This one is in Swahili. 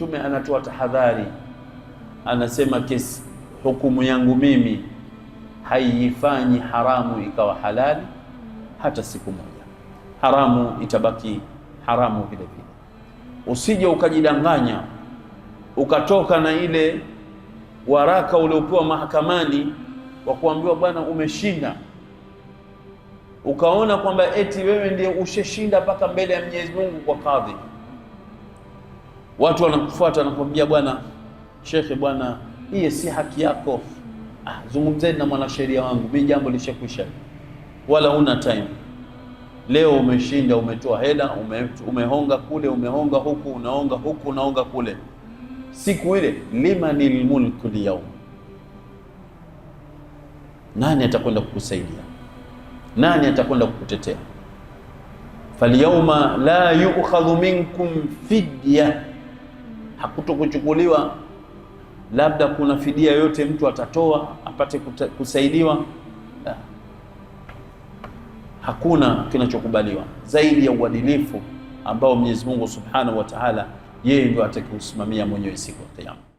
Mtume anatoa tahadhari, anasema kesi hukumu yangu mimi haiifanyi haramu ikawa halali hata siku moja, haramu itabaki haramu vile vile. Usije ukajidanganya ukatoka na ile waraka uliopewa mahakamani wa kuambiwa bwana, umeshinda ukaona kwamba eti wewe ndiye usheshinda mpaka mbele ya Mwenyezi Mungu kwa kadhi watu wanakufuata wanakwambia, bwana shekhe, bwana hiye si haki yako. Ah, zungumzeni na mwanasheria wangu, mimi jambo lishakwisha, wala una time Leo umeshinda, umetoa hela, ume, umehonga kule, umehonga huku, unaonga huku, unaonga kule. Siku ile limanil mulku lyaum, nani atakwenda kukusaidia? Nani atakwenda kukutetea? Falyauma la yukhadhu minkum fidya hakutokuchukuliwa, labda kuna fidia yote mtu atatoa apate kuta, kusaidiwa ha. Ah. Hakuna kinachokubaliwa zaidi ya uadilifu ambao Mwenyezi Mungu Subhanahu wa Ta'ala yeye ndio atakayesimamia mwenyewe siku ya Kiyama.